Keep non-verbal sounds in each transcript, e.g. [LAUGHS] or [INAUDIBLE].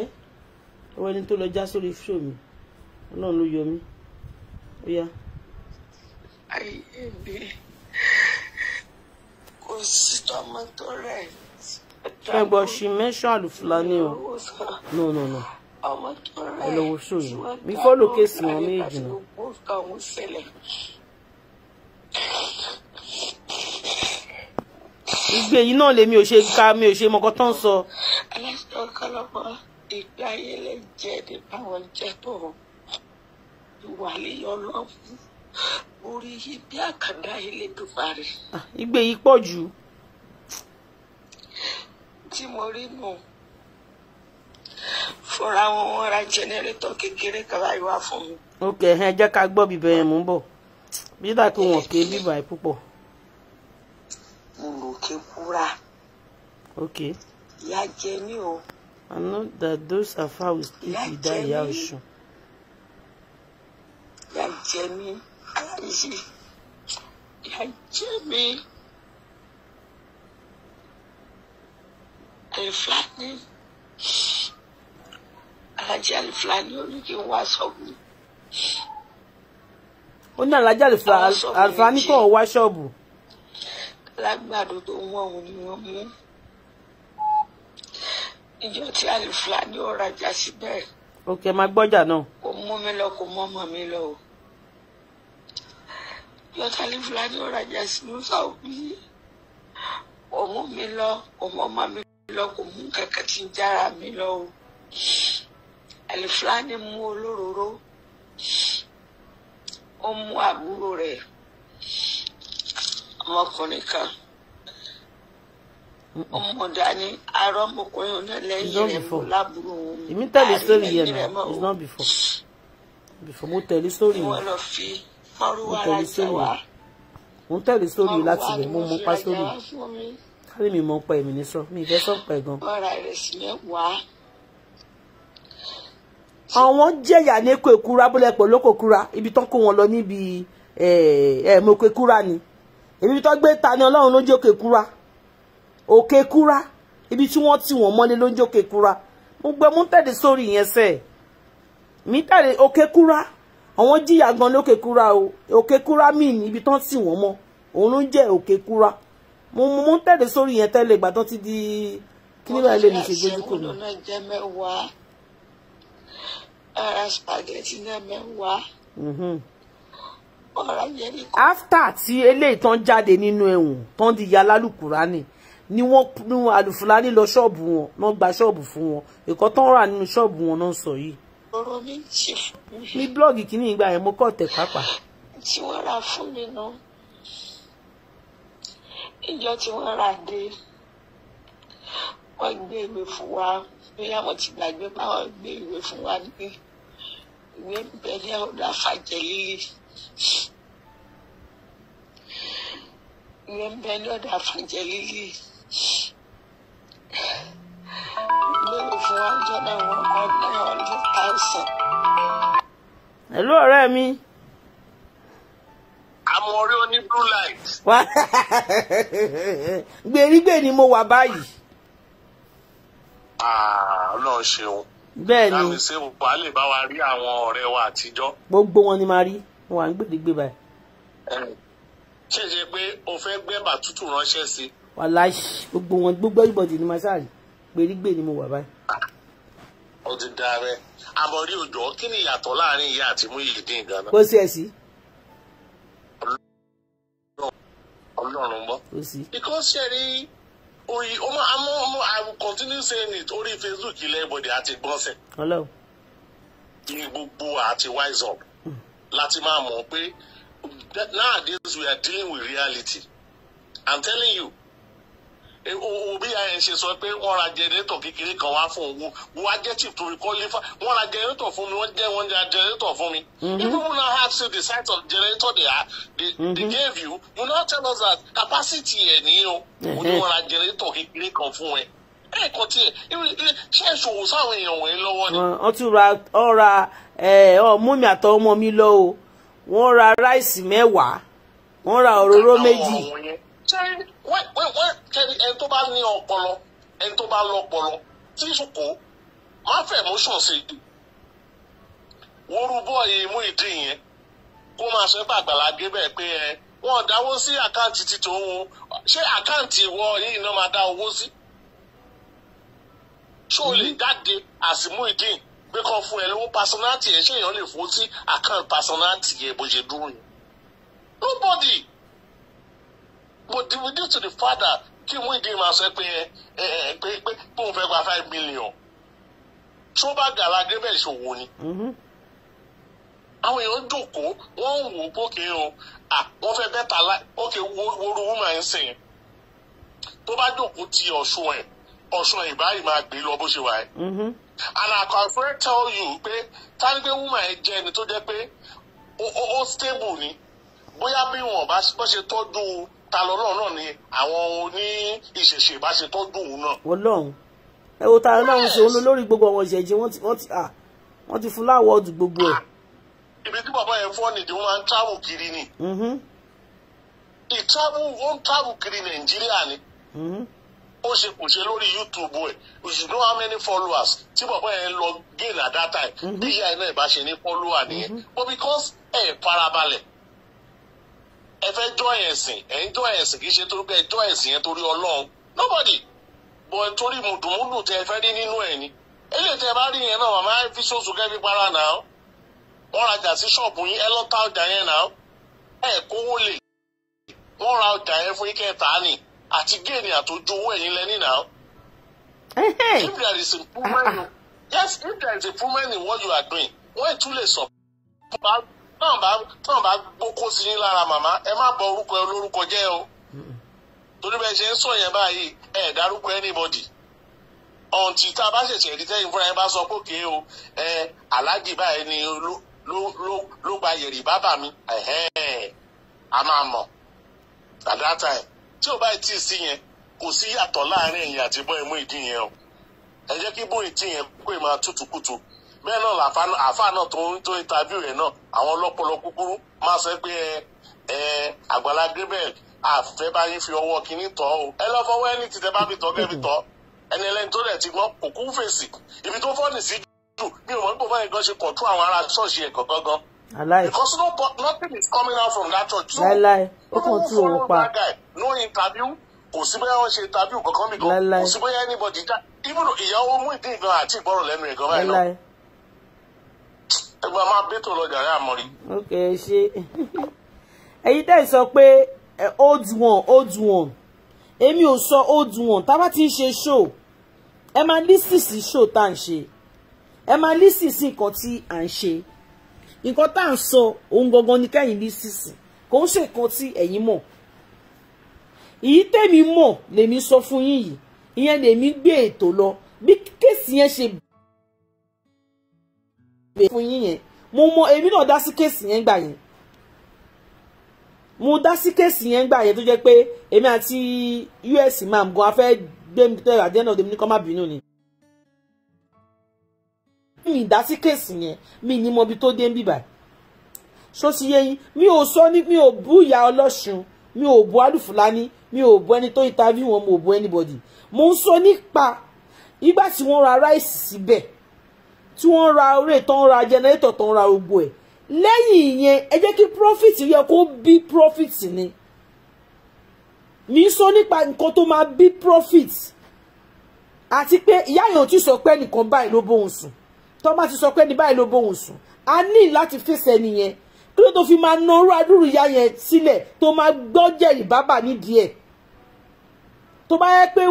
ẹ eh? ọwọ́ ẹni tó lọ já sórí fíṣọ mi ọlọ́run ló yọ mí ó yá. ayé mi kò sí tọmọtò rẹ. ẹgbọ́ she mentioned Fulani o no no no ẹlọ́wọ́ sóyún mi fọ́lọ́ kéésì wọn méjì náà. ìgbé yìí náà lèmi ò ṣe ká mi ò ṣe mọ́kọ́ tán sọ di gbá yé lè jẹ́ di báwọn jẹ́ tọ̀rọ̀ ìwà líyọ lọ́fún orí yìí bí àkàndá ilé tó parí. ìgbé yìí pọ̀ jù. tí mo rí nù fúnra wọn wọn ra jẹnẹrétọ kékeré kaba ìwà fún mi. ok ẹ jẹ́ ká gbọ́ bíbẹ̀ yẹn mú bọ̀ bí dàkú wọn ké bíbà púpọ̀. mo lò ké kúra. ok. ìyá jẹ mí o. I know that those Afa will speak without Ìyá Ọ̀ṣun. Ìyá jẹ mí, aláìsí. Ìyá jẹ mí. Àlìfúlání. Alájí Àlìfúlání ó ní kí n wá ṣọ́ọ̀bù. Ó ní Alájí Àlìfúlání kò wá ṣọ́ọ̀bù. Lágbàdo tó wọ́n òun ni wọ́n mú ìjọ tí àlè fúlàní ò rajà síbẹ̀. ok máa gbọ́jà náà. kò mú mi lọ kò mú ọmọ mi lọ o. ìjọ tí àlè fúlàní ò rajà sínú sàwùbí kò mú mi lọ kò mú ọmọ mi lọ kò mú kankan tí ń jára mi lọ o. àlè mú olóróró ó mú àbúrò rẹ̀ ọmọkùnrin kan mo dání arọ́ mo kọyún náà lẹ́yìn rẹ̀ mo lábúrò wọn. èmi tẹ̀lé it's not before before mo tẹ̀lé sórí yẹn mo tẹ̀lé sórí yẹn mo tẹ̀lé sórí yẹn láti rẹ̀ mo mọ pa sórí yẹn kárí mi mọ pa èmi ní sọ mi ìfẹ́ sọ pẹ̀ gan. ọ̀rọ̀ rẹ̀ sì mẹ́wàá àwọn jẹ̀yà ní èkó èkúra bólẹ̀ pọ̀ lóko kúra ibi tán kó wọn lọ níbi ẹ̀ẹ́mọ̀kó eh, eh, èkúra ni èmi tó gbé ta ni ọlọ́run ló jẹ́ òkè òkè kúra ibi tí wọ́n tì wọ́n mọ́lé ló ń jókè kúra mo gbọ́ mú tẹ̀lé sórí yẹn sẹ́ẹ̀ mi tẹ̀lé òkè kúra àwọn jìyà gan lókè kúra o òkè kúra mi ní ibi tán tì wọ́n mọ́ òun ló ń jẹ́ òkè kúra mo mú tẹ̀lé sórí yẹn tẹ́lẹ̀ ìgbà tán ti di kí ni báyìí lè mi ṣe gbójú kò náà. ara spaghetti náà mẹ́wàá mm-hmm. after tí eléyìí tán jáde nínú ẹ̀wọ̀n tán di ya ni ni wọ́n ní alùfúlàní lọ ṣọ́ọ̀bù wọn náà gba ṣọ́ọ̀bù fún wọn ẹ̀kọ́ tó ń rà nínú ṣọ́ọ̀bù wọn náà sọ yìí. ọ̀rọ̀ mi ti fún mi. ní blọọgì kìíní ìgbà yẹn mo kọ́ tẹ̀ pápá. tí wọ́n rà fún mi náà ìjọ tí wọ́n rà dé wọ́n gbé ìwé fún wa bóyá wọ́n ti gbàgbé báwọn gbé ìwé fún wa gbé ìwé bẹ̀rẹ̀ ọ̀dà fàjẹ́ líle ìwé bẹ̀rẹ̀ ọ̀dà fàjẹ́ líle. hundred and one or nine hundred thousand. Hello, ọ̀rẹ́ mi. Àmọ́ ọ̀rẹ́ oní blue light. Wá gbèrígbè ni mo wà báyìí. Ah, Ọlọ́run ṣeun. Bẹ́ẹ̀ni. Láàmì ṣé wà á lè bá wa rí àwọn ọ̀rẹ́ wa àtijọ́. Gbogbo wọn ni màá rí, wọn wà ń gbèrígbè báyìí. Ṣé ṣe pé o fẹ́ gbẹ́bà tútù see. sí? Wàláì gbogbo wọn gbogbo everybody ni màá sáré gbèrígbè ni mo wà báyìí. Ah ó ti darẹ àmọrí òjò kí ni ìyàtọ̀ láàrin ìyá àti Muyideen ganan. kó sí ẹ sí. Ọlọ́run mọ. because ṣẹ̀rí oyi ọmọ àmọ́ ọmọ I will continue saying it orí Facebook ilẹ̀ ìbọ̀dẹ̀ àti gbọ́nsẹ̀. ní gbogbo àti wise up hmm. láti máa mọ̀ pé nowadays we are dealing with reality I'm telling you o bí anc sọ pé wọ́n ra jẹnẹrétọ̀ kékeré kan wá fún òun wọ́n á jẹ́ chief to requalify wọ́n ra jẹnẹrétọ̀ fún mi wọ́n jẹ́ wọ́n ra jẹnẹrétọ̀ fún mi. Mm-hmm. even when I ask you the size of the they are they, mm-hmm. gave you you now tell us that capacity ẹ̀ ní o mm-hmm. wọ́n ra jẹnẹrétọ̀ kékeré kan fún ẹ. ẹ kò tiẹ̀ ṣé ẹ sáwọn èèyàn wọ̀nyí lọ́wọ́ ni. wọ́n tún ra ọ̀ra ọmú mi àtọ ọmọ mi lọ o wọ́n ra ráìsì mẹ́wàá wọ́n ra òróró méjì ṣẹ́rí wẹ́wẹ́wẹ́ kẹ́rí ẹni tó bá ní ọpọlọ ẹni tó bá lọ́pọlọ tí ìsòkò má fẹ́ emotion ṣe worúbọ yìí mú ìdí yẹn kó máa sọ bá Àgbàlá Gabriel pé ẹ wọn dáwó sí àkáǹtì títí òun ṣé àkáǹtì ìwọ yìí náà máa dá owó sí ṣó lè mm-hmm. jáde àsìmú ìdí pé kàn fún ẹ lówó personality ẹ ṣé èèyàn lè fowó sí àkáǹtì personality yẹ bó ṣe dúró yẹn nobody but due to the father, that kí Muyideen máa sọ pé pé pé òun fẹ́ gba five million tó bá gàrà agreement ṣòwò ni mm-hmm. àwọn èèyàn jókòó wọ́n ń wò ó pókè o wọ́n fẹ́ bẹ́tà láì ókè wóoru wúmà ń sìn tó bá jókòó ti ọ̀ṣun ẹ̀ ọ̀ṣun ẹ̀ ìbáyìí máa gbé lọ bó ṣe wà mm-hmm. and I can fair tell you pé tánígbé wúmà ẹ̀ jẹ́ ẹni tó jẹ́ pé ó stable ni bóyá bí wọ́n bá ṣe tọ́jú ta lọ́lọ́run náà ni àwọn oní ìṣẹ̀ṣe ìbáṣe tó dùn ún náà. ọlọ́run ẹ wo ta ọlọ́run ṣe olú lórí gbogbo àwọn ìṣẹ̀jẹ̀ wọ́n ti wọ́n ti à wọ́n ti fún láwọ̀ ọdún gbogbo ẹ̀. ibi tí bàbá yẹn fọ́ nìdí wọn máa ń travel kiri ni. ìtravel ó ń travel kiri nàìjíríà ni. Mm-hmm. ó ṣe kò ṣe lórí youtube ẹ̀ you know how many followers tí bàbá yẹn lọ gain at that time mm-hmm. bí ìyá ẹ̀ náà ìbáṣe ní follower nìyẹn mm-hmm. but because ẹ̀ farabalẹ̀ ẹ fẹ́ join ẹ̀sìn ẹ̀ ń join ẹ̀sìn kì í ṣe torí pé ẹ join ẹ̀sìn yẹn torí ọlọ́run nobody bọ̀ ẹ torí mùdùmúdù tẹ ẹ fẹ́ rí nínú ẹ̀ ni eléyìí tẹ ẹ bá rí yẹn náà màmá fi sóṣù kẹ́bí para náà wọ́n rajà sí ṣọ́ọ̀bù yín ẹ lọ́ta ọjà yẹn náà ẹ kówó lè wọ́n ra ọjà yẹn fún ike ta ni àti géènì àtòjú owó ẹ̀yìn lẹ́ni náà. if there is improvement ah. yes if there is improvement in what you are doing wọ́n tún lè sọ tọ́n bá tọ́n bá gbókó sí yín lára màmá ẹ má bọ orúkọ ẹ lórúkọ jẹ́ o torí bẹ́ẹ̀ ṣe ń sọ yẹn báyìí ẹ dárúkọ anybody ọ̀ǹtì tá a bá ṣẹ̀ṣẹ̀ rí tẹ́yìn fúnra yẹn bá sọ pé òkè o ẹ aláàjì báyìí ni ló gba yèrè bàbá mi a máa mọ̀ at that time tí o bá tí ì sí yẹn kò sí yàtọ̀ láàrin ẹ̀yìn àti bọ́ ẹ̀mú ìdí yẹn o ẹ jẹ́ kí bóyìí tí yẹn kó máa tútù kùtù bẹ́ẹ̀ náà àáfàá náà tó ń tó ń tajú rẹ̀ náà àwọn ọlọ́pọlọ kúkúrú máa sọ pé ẹ Àgbàlá Gabriel àfẹ́ bá yín fi ọwọ́ kínní tọ́ o ẹ lọ fọwọ́ ẹni tìtẹ́ bá fi tọ́ kẹ́ fi tọ́ ẹni ẹlẹ́ni tó dẹ̀ ti gbọ́ kò kú fèsì ibi tó fọ́ọ̀nì sí jù bí òun gbọ́ báyìí gan ṣe kọ̀ tún àwọn ará ṣọ́ọ̀ṣì ẹ̀ kọ̀ọ̀kan gan. Because no, nothing is coming out from that church. So, láíláí ó kàn òun pa. No interview kò sí bóyá wọ́n ṣe interview kankan bí kan kò sí bóyá anybody já even ìyàwó mú ìdí ìgbọ̀n àti ìgbọ̀rọ̀ lẹ́nu ìgbọ̀n náà ẹgbẹ́ a máa bẹ́tò lọ jàre àmọ́rí. ok ṣe ẹ̀yin tẹ́ ẹ sọ pé old one old one èmi ò sọ old one tá a bá ti ń ṣe show ẹ máa lísì sí show tá à ń ṣe ẹ máa lísì sí nǹkan tí à ń ṣe nǹkan tá à ń sọ ohun gangan ni kẹ́yìn lísì sí kò ń ṣe nǹkan tí ẹ̀yin mọ̀ èyí tèmi mọ̀ lèmi sọ fún yín yìí ìyẹn lèmi gbé ètò lọ bí kéèsì yẹn ṣe bẹ̀ fún yín yẹn mo mọ èmi náà dá sí kéèsì yẹn gbà yẹn mo dá sí kéèsì yẹn gbà yẹn tó jẹ́ pé èmi àti us mam gan afẹ́ gbé mi tẹ́lẹ̀ àdéhùn ọ̀dẹ́mi ní kọ́ má bínú ni. mi dá sí kéèsì yẹn mi ní mọbi tó dé ń bìbà ṣó ti yé yín mi ò sọ ní mi ò bú ìyá ọlọ́ṣun mi ò bú alùfúlání mi ò bú ẹni tó interview wọn mo ò bú anybody mo ń sọ nípa ìgbà tí wọ́n ra ráìsì síbẹ̀ tí wọ́n ra orí tó ń ra jẹnẹrétọ̀ tó ń ra gbogbo ẹ̀ lẹ́yìn ìyẹn ẹ jẹ́ kí profit yẹ kó bí profit ni mi sọ nípa nǹkan tó máa bí profit àti pé ìyá yẹn ò tí sọ pé nìkan báyìí ló bóun sùn tó bá ti sọ pé ní báyìí ló bóun sùn a ní láti fèsì ẹni yẹn kí ló tó fi máa na orú adúrú ìyá yẹn sílẹ̀ tó máa gbọ́ jẹ̀rì bábà nídìí ẹ̀ tó bá yẹ pé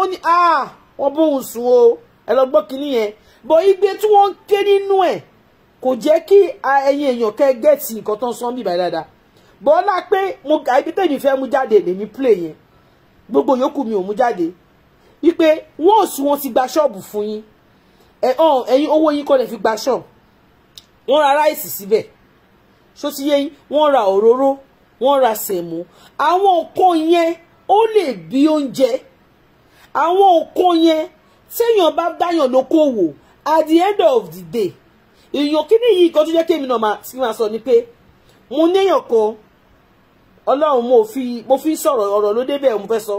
ó ní ah, wọ́n bóun sùn o ẹ lọ gbọ́ kinní yẹn bọ̀ igbe tí wọ́n ń ké nínú ẹ̀ kò jẹ́ kí ẹ̀yin èèyàn kẹ́ gẹ̀ẹ́tì nǹkan tó ń sọ níbi dáadáa bọ́lá pé mo àìbí tèmi fẹ́ mú jáde lèmi play yẹn gbogbo yòókù mi ò mú jáde wípé wọ́n ò sùn wọ́n ti gba ṣọ́ọ̀bù fún yín ẹ̀yin owó yín kọ́ lè fi gba ṣọ́ọ̀bù wọ́n ra ráìsì síbẹ̀ ṣó ti yé yín wọ́n ra òróró wọ́n ra sẹ̀mó àwọn nǹkan yẹn ó lè bí oúnjẹ àwọn nǹkan yẹn téèyàn bá dáyàn lókòwò at the end of the day èèyàn kíní yìí kan tó jẹ́ kémi náà máa sọ ni pé mo níyàn kan ọlọ́run mo fi mo fi sọ̀rọ̀ ọ̀rọ̀ ló débẹ̀ mo fẹ́ sọ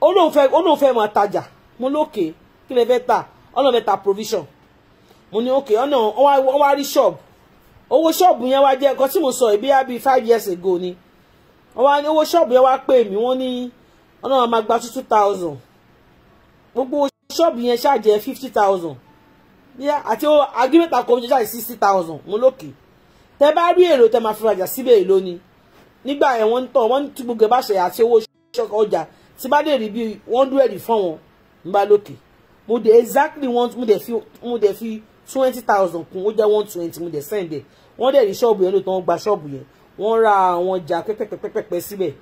ó lóun fẹ́ ó lóun fẹ́ máa tajà mo lókè kí lè fẹ́ ta ọlọ́run fẹ́ ta provision mo ní òkè ọ̀nà wọ́n wá rí ṣọ́ọ̀bù owó ṣọ́ọ̀bù yẹn wá jẹ́ nǹkan tí mo sọ ìbí àbí five years ago ni wọ́n wá ní owó ṣọ́ọ̀bù yẹn wá pè mí wọ́n ní ọlọ́run máa gba two thousand gbogbo ṣọ́ọ̀bù yẹn ṣáàjẹ́ fifty thousand bíyà àti agímẹ́ta kọ́míjọ́ ṣáàjẹ́ sixty thousand mo lókè tẹ bá rí èrò tẹ máa fi rajà síbẹ̀ èlò ni nígbà yẹn wọ́n ń tàn wọ́n ń tún gbogbo bá ṣe àti owó ṣọ́ọ̀kọ̀ ọjà tí bá dé rí bí one hundred fún wọn ń bá lókè mo dé exactly one mo dé fi mo dé fi twenty thousand kún ó jẹ́ one twenty mo dé send ẹ̀ wọ́n dẹ̀ rí ṣọ́ọ̀bù yẹn lò tán wọ́n gba ṣọ́ọ̀bù yẹn wọ́n ra àwọn ọjà pẹ́pẹ́pẹ́pẹ́pẹ́ síbẹ̀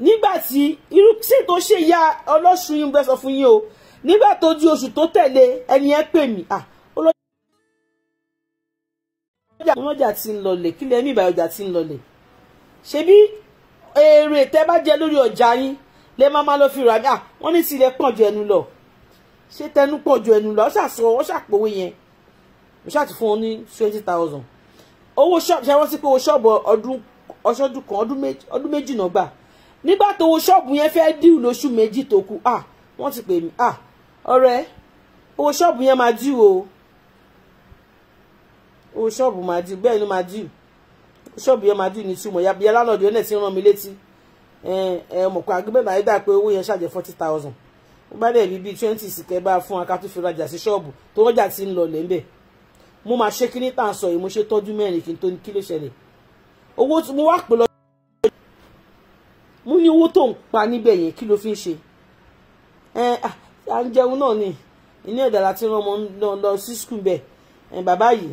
nígbà tí irú sí tó ṣe ya ọlọ́sùn yín bẹ́sọ̀ fún yín o nígbà tó di oṣù tó tẹ̀lé ẹni yẹn pè mí à ah, ọlọ́jà ti ń lọlẹ̀ kí lẹ́mí ìbàyọ̀ ọjà ti ń lọlẹ̀ ṣebí èrè tẹ́ bá jẹ lórí ọjà yín lẹ́ máa máa lọ fi rà mí à ah, wọ́n ní tilẹ̀ pọ̀ ju ẹnu lọ ṣé tẹnu pọ̀ ju ẹnu lọ ọ ṣàṣọ ọ ṣàpòwé yẹn mo ṣáà ti fún ọ ní twenty thousand owó ṣọ́ọ̀bù ṣe wọ́n sí pé owó ṣọ́ọ̀bù ọdún ọṣọ́dún kan ọdún méjì náà gbà nígbà tó wo ṣọ́ọ̀bù yẹn fẹ́ díù lóṣù méjì tó kù ah wọ́n ti pè mí ah ọ̀rẹ́ owó ṣọ́ọ̀bù yẹn máa díù o owó ṣọ́ọ̀bù máa díù bẹ́ẹ̀ ló máa díù ṣọ́ọ̀bù yẹn máa díù ní túmọ̀ yàbí yẹn lálọ́ọ̀dù yẹn náà ti rán mi létí ẹ mọ̀ pé agbẹ́bẹ̀rẹ̀ ayé dà pé owó yẹn ṣàjẹ́ forty thousand ó bá dẹ̀ bí bíi twenty sì kẹ́ bá fún akátó fi rajà sí ṣọ́ọ̀bù tó rọ́jà ti ń lọ lẹ́ńbẹ̀ mo máa ṣe kíní tà ń sọ yìí mo ṣe tọ́jú mẹ́rin kí n tó ní kí ló ṣẹlẹ̀ owó mo wá pè lọ mo ní owó tó ń pa níbẹ̀ yẹn kí ló fi ń ṣe ẹ à ń jẹun náà ni ilé ẹ̀dá láti rán ọmọ náà lọ sí skul bẹ̀ ẹ bàbá yìí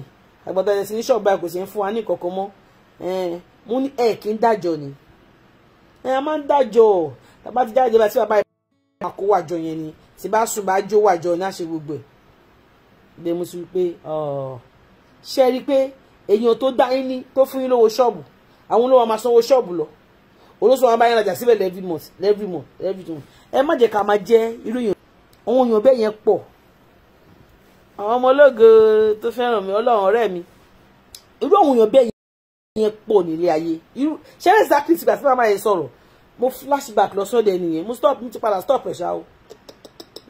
àgbàdo ẹ̀ sí ní ṣọ́ọ̀bù báyìí kò sí ń fún wa ní ìkọ̀kọ̀ mọ́ ẹ mo ní ẹ kí ń dájọ́ ni ẹ a máa ń dájọ́ bàbá ti jáde bá tí bàbá yìí bá kó wàjọ yẹn ni tí bá sùn bá jó wàjọ ní àṣẹ gbogbo ẹ̀ bẹ́ẹ̀ mo sì pé ṣe rí i pé èèyàn tó dá yín ní tó fún yín lówó ṣọ́ọ̀bù àwọn olówó máa sanwó ṣọ́ọ̀bù lọ olóṣù wọn bá yẹn rajà síbẹ̀ every month every month every month ẹ má jẹ́ ká máa jẹ́ irú yẹn àwọn èèyàn bẹ́ẹ̀ yẹn pọ̀ àwọn ọmọ ológo tó fẹ́ràn mi ọlọ́run ọ̀rẹ́ mi irú àwọn èèyàn bẹ́ẹ̀ yẹn pọ̀ nílé ayé irú ṣẹ́rẹ́ exactly ti gbà tí màmá yẹn sọ̀rọ̀ mo flashback lọ sọ́dọ̀ ẹnìyẹn mo stop mo ti padà stop ẹ̀ṣá o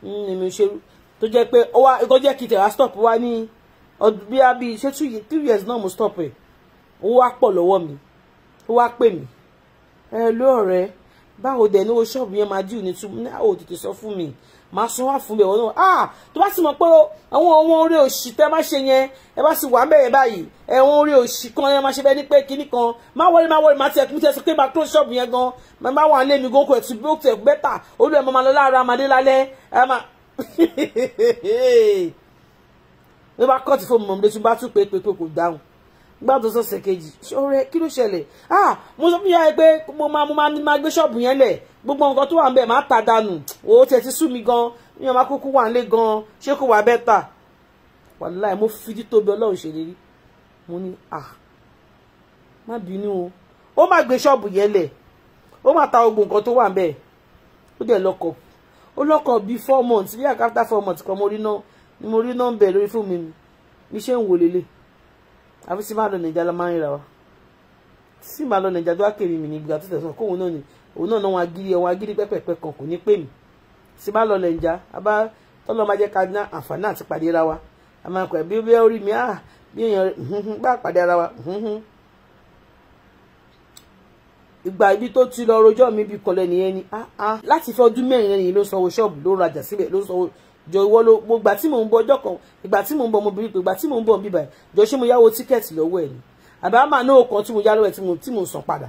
hmm, ní mi ṣerú tó jẹ́ pé ó wá tó jẹ́ kí tẹ̀wá stop wá ní ọdún bíi ṣé two years náà mo stop ẹ̀ ó wá pọ̀ lọ́wọ́ mi ó wá pè mí ẹ ló ọ̀rẹ́ báwo dẹ̀ ní owó ṣọ́ọ̀bù yẹn máa dì ní tu ní àwọn òtètè sọ fún mi màá san wá fún mi ẹ̀wọ̀n náà ah tó bá sì mọ̀ pé àwọn ohun orí òṣì tẹ́ má ṣe yẹn ẹ bá sì wà ń bẹ̀rẹ̀ báyìí ẹ̀wọ̀n orí òṣì kan ẹ má ṣe bẹ́ẹ̀ ní pé kinní kan má wọlé má wọlé má tiẹ̀ kú tiẹ̀ sọ pé má tó ṣọ́ọ̀bù yẹn gan má má wà lé mi gan kò ẹ̀tù bí ó tẹ̀ bẹ́tà olú ẹ̀ má máa lọ láàárọ̀ amadé lálẹ́ ẹ [LAUGHS] gbà tó sọ̀sẹ̀ kejì ṣọ́rẹ́ kí ló ṣẹlẹ̀ ah mo sọ fún yàrá pé mo máa mo máa gbé ṣọ́ọ̀bù yẹn lẹ̀ gbogbo nǹkan tó wà ń bẹ̀ máa ta dànù o tẹ̀ ti sú mi gan mi ò máa kúkú wà nílé gan ṣé kò wà bẹ́tà wàláì mo fi títóbi ọlọ́run ṣèlérí mo ní ah má bínú o ó má gbé ṣọ́ọ̀bù yẹn lẹ̀ ó má ta gbogbo nǹkan tó wà ń bẹ̀ ó dẹ̀ lọ́kọ̀ ó lọ́kọ̀ bíi four months bí àkàtà four months kan mo rí náà mo rí náà ń bẹ̀ lórí fún mi mi ṣe ń wò lélẹ̀ àfi sí máa lọ nàìjà la máa ń ra wa sí máa lọ nàìjà tó wá kèrè mi ní ìgbà tó tẹ̀sán kóun náà ni òun náà náà wọn agiri ẹwọn agiri pẹ́pẹ́pẹ́ kan kò ní pè mí sí máa lọ nàìjà abá tọ́lọ́ máa jẹ́ ká ná àǹfààní àti pàdé ra wa a máa pẹ̀ bí bí orí mi á bí èèyàn bá pàdé ara wa ìgbà ibi tó ti lọ rojọ́ mi bí kọlẹ̀ nìyẹn ni láti fẹ́ ọdún mẹ́rin yẹn ló sanwó ṣọ́ọ̀bù ló rajà síbẹ̀ ló sanwó jọ ìwọ ló mo gbà tí mò ń bọ̀ ọjọ́ kan ìgbà tí mò ń bọ̀ mo bìrì pé ìgbà tí mò ń bọ̀ bíbà ẹ̀ jọ ṣé mo yáwó tíkẹ́ẹ̀tì lọ́wọ́ ẹ̀ ni àbá máa náà kan tí mo yá lọ́wọ́ ẹ̀ tí mo sàn padà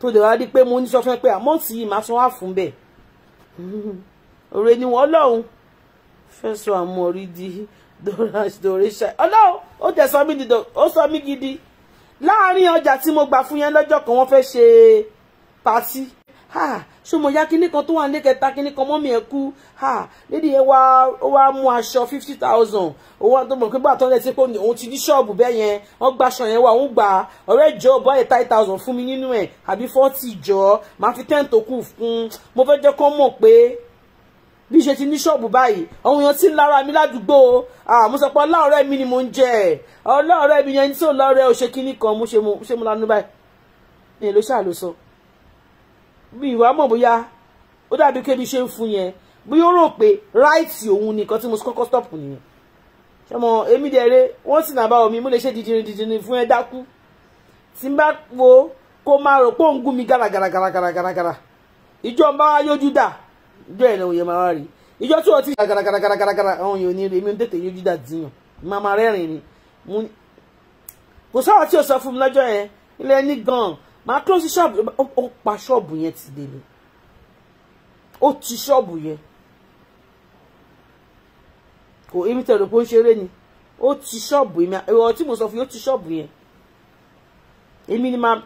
tó dẹ̀ wá rí pé mo ní sọ fún ẹ pé àmọ́ǹtì yìí máa tún wá fún bẹ́ẹ̀ òre [LAUGHS] ni wọ́n lọ́hùn fẹ́sọ̀ àmọ́rí di dòrèṣà ọlọ́run ó tẹ̀ sọ mí dìdò ó sọ mí gidi láàárín ọjà tí mo gbà fún yẹn lọ́jọ́ kan wọ́n fẹ́ ṣe pàtí ṣé mo ya kinní kan tó wà ní kẹta kinní kan mọ́mí ẹ̀ kú ha lédi yẹn wá ó wá mú aṣọ fifty thousand owó tó mọ̀ pé gbà tán lẹ́sìn pé òun ti ní ṣọ́ọ̀bù bẹ́ẹ̀ yẹn wọ́n gba aṣọ yẹn wá òun gbà ọ̀rẹ́ jọ bọ́ ẹ̀ thirty thousand fún mi nínú ẹ̀ àbí forty jọ máa fi ten tó kù fún mo fẹ́ jẹ́ kó mọ̀ pé bí ṣe ti ní ṣọ́ọ̀bù báyìí àwọn èèyàn ti ń lára mi ládùúgbò mo sọ pé ọlọ́ọ̀rẹ́ mi ni mo ń jẹ ọlọ́ọ̀rẹ́ mi yẹn tí ò lọ́ọ̀rẹ́ ò ṣe kinní kan mo ṣe mo lanu báyìí ni èlò ṣáà ló sọ mi ìwà mọ̀ bóyá ó dàbí kébi ṣe ń fún yẹn bí ó rò pé ráìtì òun nìkan tí mo kọ́kọ́ stop nìyẹn ṣọmọ èmi dẹ̀rẹ̀ wọ́n sì nàbá omi mo lè ṣe dìdìrín dìdìrín fún ẹ dákú tí n bá wo kó máa rò pé òun gún mi gàràgàràgàràgàràgàrà ìjọ ń bá wá yójú dà ìjọ ẹ̀ lẹ́wọ̀n yẹn máa wá rí ìjọ tí wọ́n ti gàràgàràgàràgàrà àwọn èèyàn ní èmi ń tètè yójú dà dìyàn màmá rẹ́rìn ni kò sáwọn tí o sọ fún mi lọ́jọ́ yẹn ilé gan màá close ṣọ́ọ̀bù ó pa ṣọ́ọ̀bù yẹn ti délé ó ti ṣọ́ọ̀bù yẹn kò ibi tẹ̀lé pé ó ń ṣeré ni ó ti ṣọ́ọ̀bù yẹn ẹ̀rọ tí mo sọ fún yín ó ti ṣọ́ọ̀bù yẹn èmi ni máa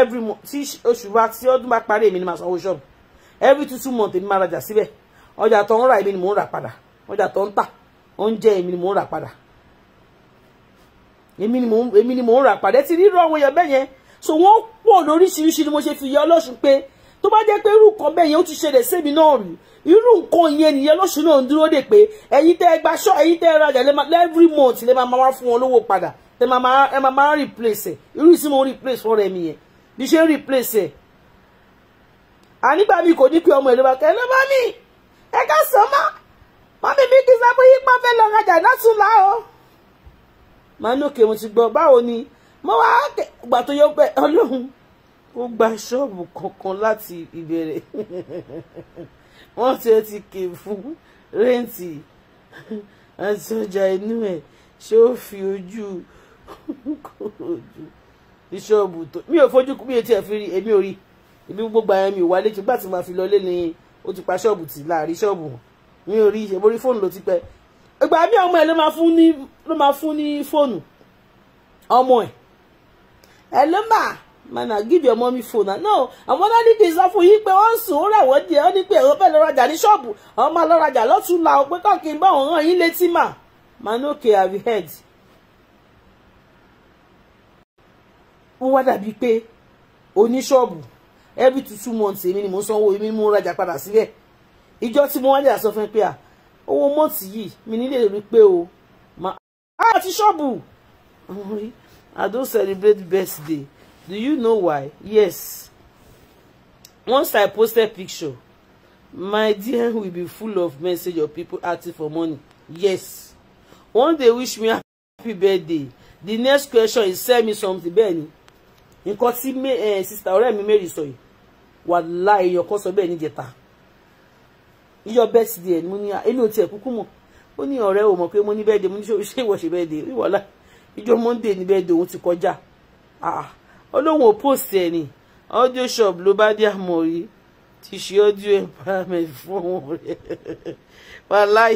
every month tí oṣù bá tí ọdún bá parí èmi ni máa sanwó ṣọ́ọ̀bù every two two months èmi máa rajà síbẹ̀ ọjà tó ń rà èmi ni mò ń rà padà ọjà tó ń tà oúnjẹ ni mò ń rà padà èmi ni mò ń rà padà ẹ ti rí irú àwọn èèyàn bẹ́ẹ̀ yẹn so wọ́n pọ̀ lóríṣiríṣi ni mo ṣe fi yẹ ọlọ́ṣun pé tó bá jẹ́ pé irú nǹkan bẹ́ẹ̀ yẹn ó ti ṣẹlẹ̀ sẹ́mi náà rí irú nǹkan yẹn nìyẹn lọ́sùn náà ń dúró dè pé ẹ̀yin tẹ́ ẹ gba ṣọ́ ẹ̀yin tẹ́ ẹ rajà every month lẹ́ máa máa fún wọn lówó padà tẹ́ ẹ máa máa replace ẹ̀ irú ìsìn mo replace fọ́ọ̀rọ̀ ẹ̀mí yẹn bí ṣe replace ẹ̀ ànígbà mi kò ní pé ọmọ ìlú bàkẹ́ ló bá mi ẹ ká sọ mọ́ mọ́mí mi kì í sábà yí pọ́n fẹ́ lọ rajà látúnlá o màá ní òkè mo ti gbọ́ báwo ni mo wá gbà tó yọ pé ọlọ́run ó gba ṣọ́ọ̀bù kankan láti ìbẹ̀rẹ̀ [LAUGHS] wọ́n ti ẹ ti kè fún rẹ́ǹtì àti ọjà inú ẹ̀ ṣé ó fi ojú bíṣọ́ọ̀bù tó mi ò fojú mi ò tiẹ̀ fi rí èmi ò rí ibi gbogbo àyàn mi ò wálé tí gbà tí màá fi lọlé ni ó ti pa ṣọ́ọ̀bù tì láàrin ṣọ́ọ̀bù mi ò rí ìṣẹ́ borí fóònù ló ti pẹ́ ìgbà mi ọmọ ẹ ló máa fún ní fóònù ọmọ ẹ hello ma mana give your mommy phone na no àwọn náà nídìí sọ fún yín pé wọ́n ń sùn ó rẹ̀ wọ́n díẹ̀ ó ní pé èrò bẹ́ẹ̀ lọ rajà ní ṣọ́ọ̀bù àwọn máa lọ rajà lọ́tún la òpin kọ́ọ̀kì bá òun ràn yín létí mà man okay have heard. wọ́n wá dàbí pé oníṣọ́ọ̀bù every two two months èmi ni mo sanwó èmi mo rajà padà sílẹ̀ ìjọ tí mo wá lè sọ fún pé à owó mọ́ọ̀tì yìí mi nílé rí pé o máa ti ṣọ́ọ̀bù àwọn rí I don't celebrate birthday. Do you know why? Yes. Once I post a picture, my DM will be full of message of people asking for money. Yes. One day wish me a happy birthday. The next question is send me something bẹ́ẹ̀ ni. Nǹkan tí eh, sister ọ̀rẹ́ mi Mary sọ yìí. Wàláhí ẹ̀yọ̀ kan sọ bẹ́ẹ̀ níjẹta. Iyọ̀ birthday ẹ̀ ni mo ní èmi ò tiẹ̀ kúkú mọ̀. Ó ní ọ̀rẹ́ ò mọ̀ pé mo ní birthday mo ní ṣé ìwọ ṣe ìjọ monday níbẹ̀ èdè òun ti kọjá ah lóun ò post ẹ̀ ní audio shop ló bá dé àmọ̀rí ti ṣe audio empowerment fún òun rẹ̀ wàláì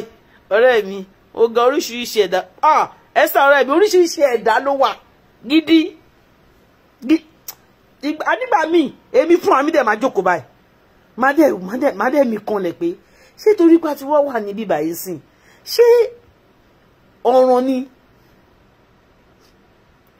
ọ̀rẹ́ mi ó ga oríṣiríṣi ẹ̀dá ẹ̀sà ah, ọ̀rẹ́ mi oríṣiríṣi ẹ̀dá ló wà gidi nígbà míì èmi fún àmì dẹ̀ máa jókòó báyìí má dẹ̀ mi kanlẹ̀ pé ṣé torí pé a ti wá wà níbí báyìí sìn ṣé ọ̀ràn ni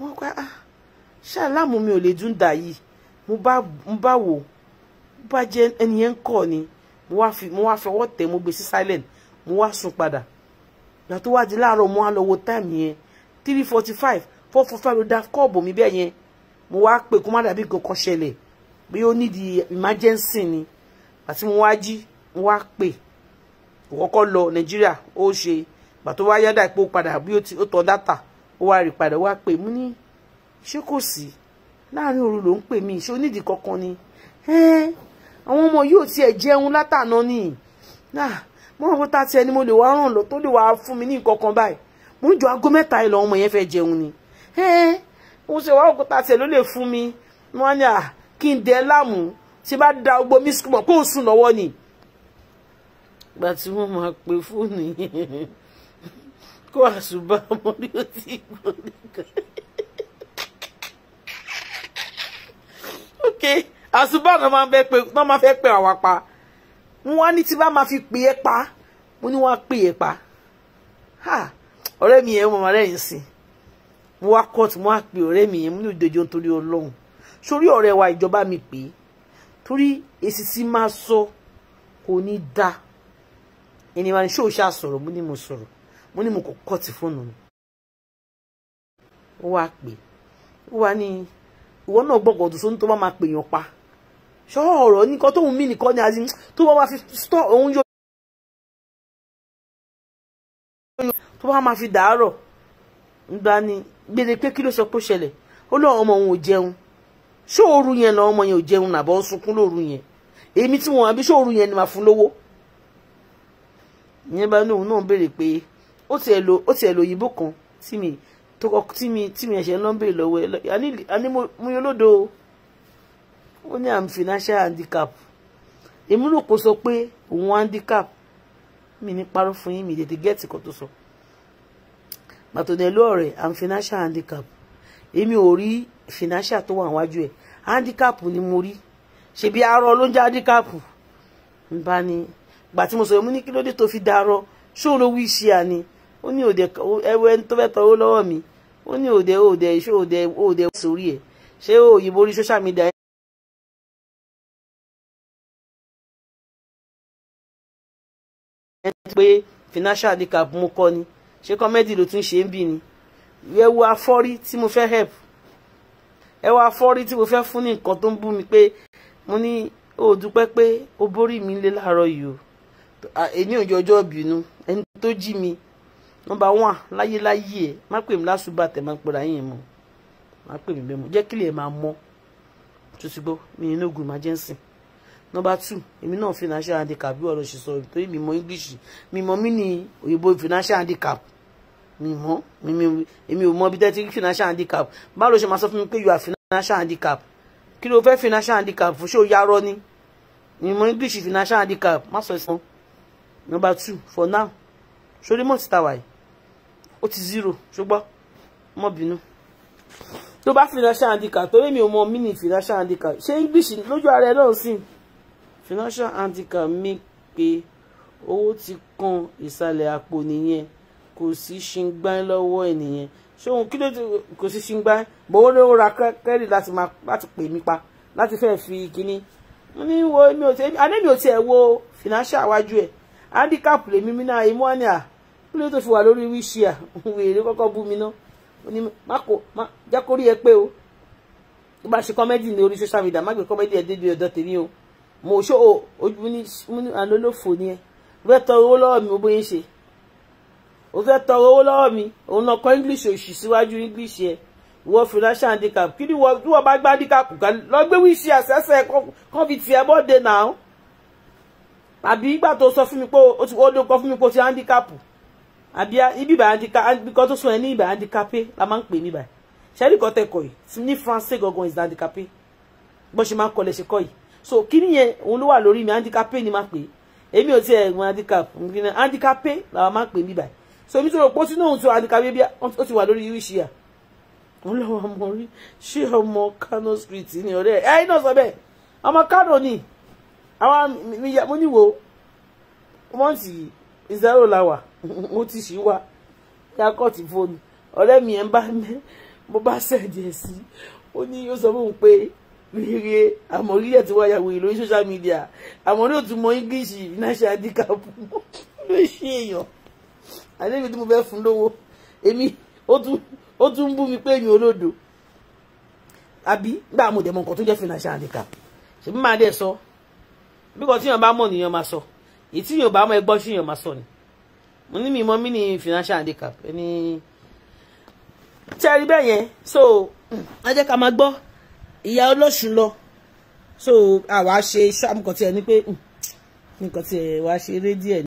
wọ́n pẹ́ ah ṣé aláàmú mi ò lè dún dà yìí mo bá mo bá wò mo bá jẹ ẹni yẹn ń kọ̀ ni mo wá fi mo wá fi ọwọ́ tẹ̀ mo gbé e sí silent mo wá sùn padà ìgbà tó wá di láàárọ̀ mo wá lọ wo time yẹn three forty five four forty five ló dá kọ́ọ̀bù mi bẹ́ẹ̀ yẹn mo wá pè kó má dàbí kankan ṣẹlẹ̀ bí ó nídìí emergency ni àti mo wá jí mo wá pè kọ́kọ́ lọ Nàìjíríà ó ṣe ìgbà tó wá yá dà pé ó padà bí ó tọ́ dátà ó wá rí padà wá pè mú ní ṣé kò sí láàrin òru ló ń pè mí ṣé onídìí kankan ni àwọn ọmọ yóò tiẹ̀ jẹun látàná ni mo rò ta tiẹ̀ ni mo lè wá ràn lọ tó lè wá fún mi ní nǹkan kan báyìí mo ń jọ aago mẹ́ta ìlọ ọmọ yẹn fẹ́ jẹun ni mo ṣe wá òkúta tiẹ̀ ló lè fún mi wọ́n ní à kí n dẹ́ láàmú tí bá da gbogbo mi sùn mọ̀ kó o sùn lọ́wọ́ ni. ìgbà tí wọ́n máa pe fóònù yẹn àkókò àṣùbà ọmọdé ó ti gbọ́n nìkan. ok àṣùbà náà máa fẹ́ pé náà máa fẹ́ pé àwa pa wọn wá ní tí bá máa fi pè é pa mo ní wọn á pè é pa e ọ̀rẹ́ mi yẹn mo máa rẹ́yìn sí mo wá kọ́ọ̀tù mo wá pe ọ̀rẹ́ mi yẹn mo ní ìdòjò nítorí ọlọ́run sórí ọ̀rẹ́ wa ìjọba mi pè é torí èsì sì máa sọ kò ní dáa ẹni máa ní ṣó ṣá sọ̀rọ̀ mo ní mo sọ̀rọ̀ mo ni mo kò kọ́ọ̀tì fóònù mi ó wá pè ó wá ní ìwọ náà gbọ́gbọ́ ọdún sóní tó bá máa pè yàn pa ṣọ́ọ́ ọ̀rọ̀ nìkan mí nìkan ni fi stọ́ òun yóò tó bá máa fi dàárọ̀ ńgbà ni gbére pé kí ló sọ pé ó ṣẹlẹ̀ ó lọ ọmọ òun ò jẹun ṣóòru yẹn lọ ọmọ ò jẹun yẹn náà ó tiẹ̀ lo ó tiẹ̀ lo òyìnbó kan tí mi tó kọ tí mi tí mi ẹ̀ṣẹ̀ ń lọ ń béèrè lọ́wọ́ ẹ àní mo yan olódo ó ní am financial handicap èmi rò kó sọ pé òun handicap mi ní parọ́ fún yín mi tètè gẹ́ẹ̀tì kan tó sọ màtòdẹ́lú ọ̀rẹ́ am financial handicap èmi ò rí financial tó wà wájú ẹ̀ handicap ni mo rí ṣebí arọ ló ń jẹ́ handicap n bá ní gbà tí mo sọ èmi ní kí ló dé tó fi darọ ṣóòrò wíṣíà ni ó ní òde ẹwẹ tó fẹ́ tọwọ lọ́wọ́ mi ó ní òde òde ṣé òde òde sórí ẹ ṣé òyìnbó orí social media. pé financial handicap mo kọ ni ṣé kọ́mẹ́dì ló tún ṣe ń bì ni ẹ wo afọ́rí tí mo fẹ́ help ẹ wo afọ́rí tí mo fẹ́ fún ní nǹkan tó ń bú mi pé mo ní ó dúpẹ́ pé ó borí mi lé láàárọ̀ yìí o èmi ò jọjọ́ bínú ẹni tó jí mi nọmba one láyéláyé ẹ má pè mí lásùbà tẹ má pera yín mu má pè mí bẹ́ẹ̀ mu jẹ́ kílẹ̀ máa mọ́ tuntun gbọ́ mi ní ogun emergency nọmba two èmi náà financial handicap bí ọ̀rọ̀ ṣe sọ torí mi mọ english mi mọ mí ní òyìnbó financial handicap mi mọ èmi ò mọ bí tẹ́tí financial handicap báwo ló ṣe máa sọ fún mi pé you are financial handicap kí ló fẹ́ financial handicap fún ṣé o yarọ ni mi mọ english financial handicap má sọ ẹ̀sán nọmba two for now sórí mọ̀ títà wáyé ó ti zero ṣùgbọ́n mọ́ bínú tó bá financial handicap torí mi ò mọ mí ní financial handicap ṣé english lójú ara ẹ lọ́hùn sí financial handicap mi pé owó ti kan ìsàlẹ̀ àpò nìyẹn kò sí ṣingbá lọ́wọ́ ẹ̀ nìyẹn ṣé òun kí ló ti kò sí ṣingbá bọ́wọ́ ló ra kẹ́rì láti máa láti pè mí pa láti fẹ́ fi kínní mo ní wo mi ò tiẹ̀ adé mi ò tiẹ̀ wo financial wájú ẹ̀ handicap lèmi mi náà imú àná kí ló tó fi wà lórí wíṣíà wèrè kọ́kọ́ bú mi náà oní má kò má jẹ́ kó rí ẹ pé o tó bá ṣe kọ́mẹ́dì ní orí social media má gbé kọ́mẹ́dì ẹ débi ọ̀dọ̀ tèmi o mo ṣó o ojú ní àlólòfò ni ẹ o fẹ́ tọrọ owó lọ́wọ́ mi o bóyá ń ṣe o fẹ́ tọrọ owó lọ́wọ́ mi òun náà kọ́ english òṣì síwájú english yẹn ìwọ financial handicap kí ni wọ́n bá gbá handicap kan lọ gbé wíṣíà sẹ́sẹ̀ kọ́ fi tiẹ̀ bọ́ọ̀dẹ náà àbí ìgbà tó sọ fún mi pé o ti wọ́n ló kọ́ fún mi pé o ti handicap àbí ibi ìbà handicap bíkọ́ tó sún ẹ ní ìbà handicapé la máa ń pè níbà ṣẹ́rí kọ́ tẹ́kọ̀ yìí ní français gangan is handicapé bó ṣe máa ń kọlẹ̀ ṣe kọ́ yìí so kíní yẹn òun ló wà lórí mi handicapé ni máa pè é èmi ò tiẹ̀ mọ handicap handicapé la máa ń pè níbà so èmi tó rò pé ó ti náà tó handicapé bí ó ti wà lórí wíṣí à wọn lọ́wọ́ ọmọ rí ṣé ọmọ Kano street ni ọ̀rẹ́ ẹ̀ ẹ̀ náà sọ bẹ́ẹ̀ ọmọ Kano ni àwọn mo níwò mọ́ǹtì yìí zero la wà mo ti ṣì wà yakọ̀tì fóònù ọ̀rẹ́ mi ẹ̀ ń bá mẹ́ mo bá sẹ̀díẹ̀ sí ó ní yóò sọ fún un pé rere àmọ́ orílẹ̀ tí wọ́n yàwó ìlórí social media àmọ́ ní òtún mọ english financial handicap ló ṣe èèyàn àlébi tí mo fẹ́ fún lówó èmi ó tún bú mi pé èmi olódo àbí gbà mo dẹ̀ mọ nǹkan tó jẹ́ financial handicap ṣèbí máa dẹ̀ sọ bí kò tí èèyàn bá mọ̀ nìyẹn máa sọ. So ìtí yorùbá ọmọ ẹgbọ́n ṣì yàn máa sọ ni mo ní mi mọ mí ní financial handicap ẹni tí a rí bẹ́ẹ̀ yẹn so ẹ jẹ́ ká máa gbọ́ ìyá ọlọ́ṣun lọ so àwa ṣe ṣàmùkọ́tì ẹ ní pé nǹkan tí ẹ wá ṣe rédíẹ̀